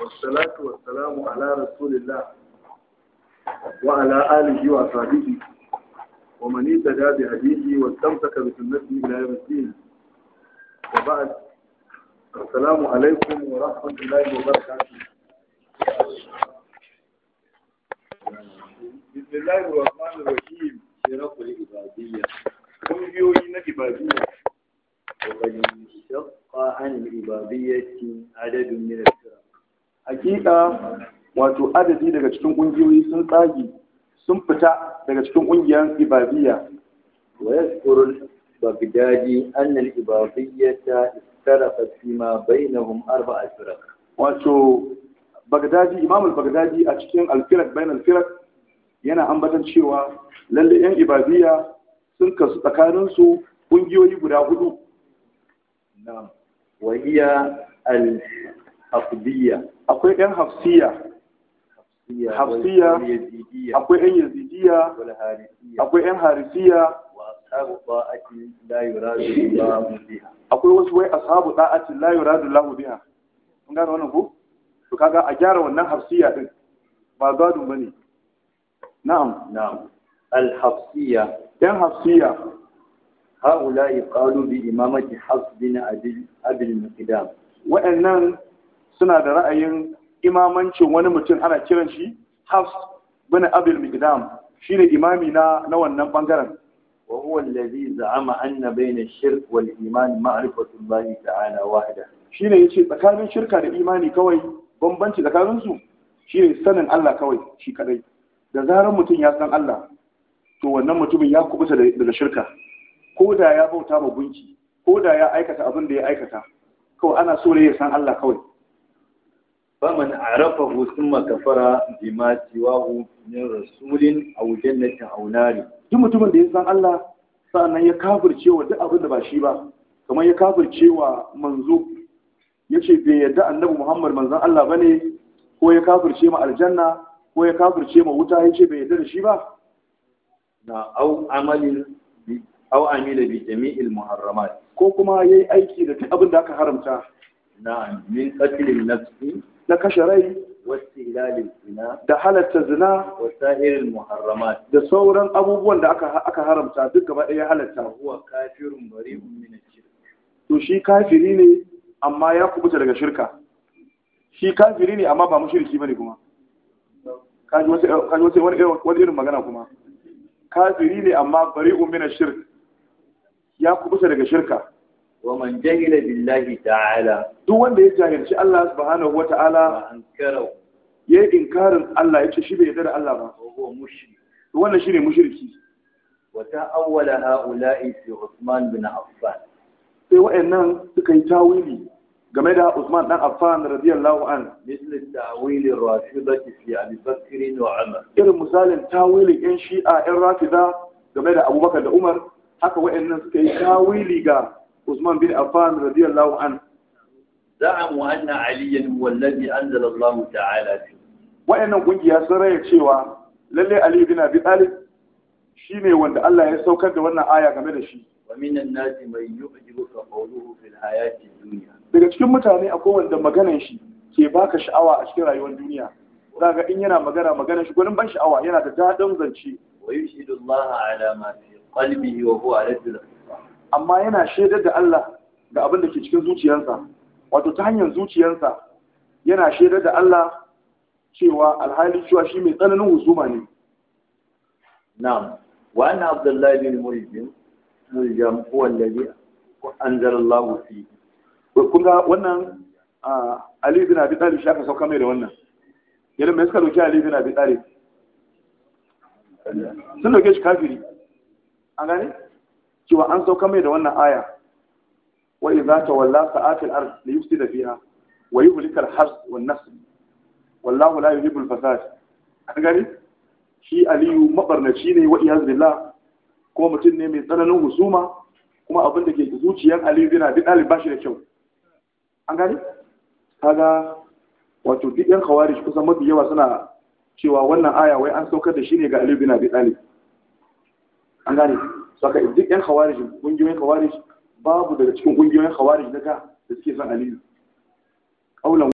والصلاة والسلام على رسول الله وعلى آله وصحبه ومن اهتدى بهديه واستمسك بسنته إلى يوم الدين وبعد السلام عليكم ورحمة الله وبركاته بسم الله الرحمن الرحيم شرف العبادية ƙungiyoyi na ibadiyya وقد انشق عن العبادية عدد من الكلام hakika wato adadi daga cikin ƙungiyoyi sun tsagi sun fita daga cikin ƙungiyar ibadiyya wa yadhkuru bagdadi anna al-ibadiyyata istarafat fima bainahum arba'a firaq wato bagdadi imam bagdadi a cikin al-firaq bain firaq yana ambatan cewa lalle yan ibadiyya sun kasu tsakanin su ƙungiyoyi guda hudu na'am wa hiya al-aqdiyya akwai ɗan hafsiya hafsiya akwai ɗan yazidiya akwai ɗan harisiya akwai wasu wai ashabu da'atin la yuradu lahu biha kun gane wannan ko to kaga a gyara wannan hafsiya din ba gadun bane na'am na'am al hafsiya yan hafsiya haula qalu bi imamati hafs bin abin al Waɗannan. wa'annan suna da ra'ayin imamancin wani mutum ana kiran shi Hafs bin Abil Migdam shine imami na na wannan bangaren wa huwa allazi za'ama anna bayna shirk wal iman ma'rifatu Allah ta'ala wahda shine yace tsakanin shirka da imani kawai bambanci tsakanin su shine sanin Allah kawai shi kadai da zarar mutum ya san Allah to wannan mutumin ya kubuta daga shirka ko da ya bauta ma gunki ko da ya aikata abin da ya aikata kawai ana so ne ya san Allah kawai faman arafahu summa kafara bima siwahu min rasulin aw jannatin aw nari duk mutumin da ya san Allah sannan ya kafirce wa duk abin da ba shi ba kamar ya kafirce wa manzo yace bai yarda annabi Muhammad manzon Allah bane ko ya kafirce ma aljanna ko ya kafirce ma wuta yace bai yarda da shi ba na au amalin au amila muharramat ko kuma yayi aiki da duk abin da aka haramta na'am min qatlin nafsi na kashe rai da halatta zina da sauran abubuwan da aka haramta duk gaba ɗaya halatta to shi kafiri ne amma ya kubuta daga shirka shi kafiri ne amma ba mushriki bane kuma kaji wasu irin magana kuma kafiri ne amma bari'un min shirk ya kubuta daga shirka wa man jahila billahi ta'ala duk wanda ya jahilci Allah subhanahu wa ta'ala ya yi inkarin Allah ya ce shi bai yarda da Allah ba huwa mushrik wannan shine mushriki wa ta'awwala ha'ula'i fi Uthman bin Affan sai wayannan suka yi tawili game da Usman dan Affan radiyallahu an misli tawili rafidati fi Abi Bakr wa Umar irin misalin tawilin yan shi'a yan rafida game da Abubakar da Umar haka wayannan suka yi tawili ga Usman bin Affan radiyallahu an za'amu anna aliyan huwa alladhi anzala Allah ta'ala fi wa'annan kungiya sun raya cewa lalle Ali bin Abi Talib shine wanda Allah ya saukar da wannan aya game da shi wa minan nasi man yu'jibuka qawluhu fil hayati dunya daga cikin mutane akwai wanda maganan shi ke baka sha'awa a cikin rayuwar duniya zaka in yana magana magana shi gwanin ban sha'awa yana da dadin zance wa yushidu Allah ala ma fi qalbihi wa huwa ala amma yana shaidar da Allah ga abin da ke cikin zuciyarsa wato ta hanyar zuciyarsa yana shaidar da Allah cewa alhali cewa shi mai tsananin husuma ne na'am wa anna abdullahi bin muljam muljam huwa alladhi an Allah fi kun ga wannan Ali bin Abi Talib shi aka sauka mai da wannan yadda mai suka dauki Ali bin Abi Talib sun dauke shi kafiri an gane cewa an sauka mai da wannan aya wa idza tawalla sa'atil ard li yufsida fiha wa yuhlika al harz wan nasl wallahu la yuhibbu al fasad an gani shi aliyu mabarnaci ne wa iyaz billah kuma mutum ne mai tsananin husuma kuma abin da ke zuciyar aliyu yana duk dalib bashi da kyau an gani kaga wato duk yan khawarij kusan mafi yawa suna cewa wannan aya wai an saukar da shi ne ga aliyu bin abi talib an gani. saka duk yan khawarij kungiyoyin khawarij babu daga cikin kungiyoyin khawarij daga da suke son aliyu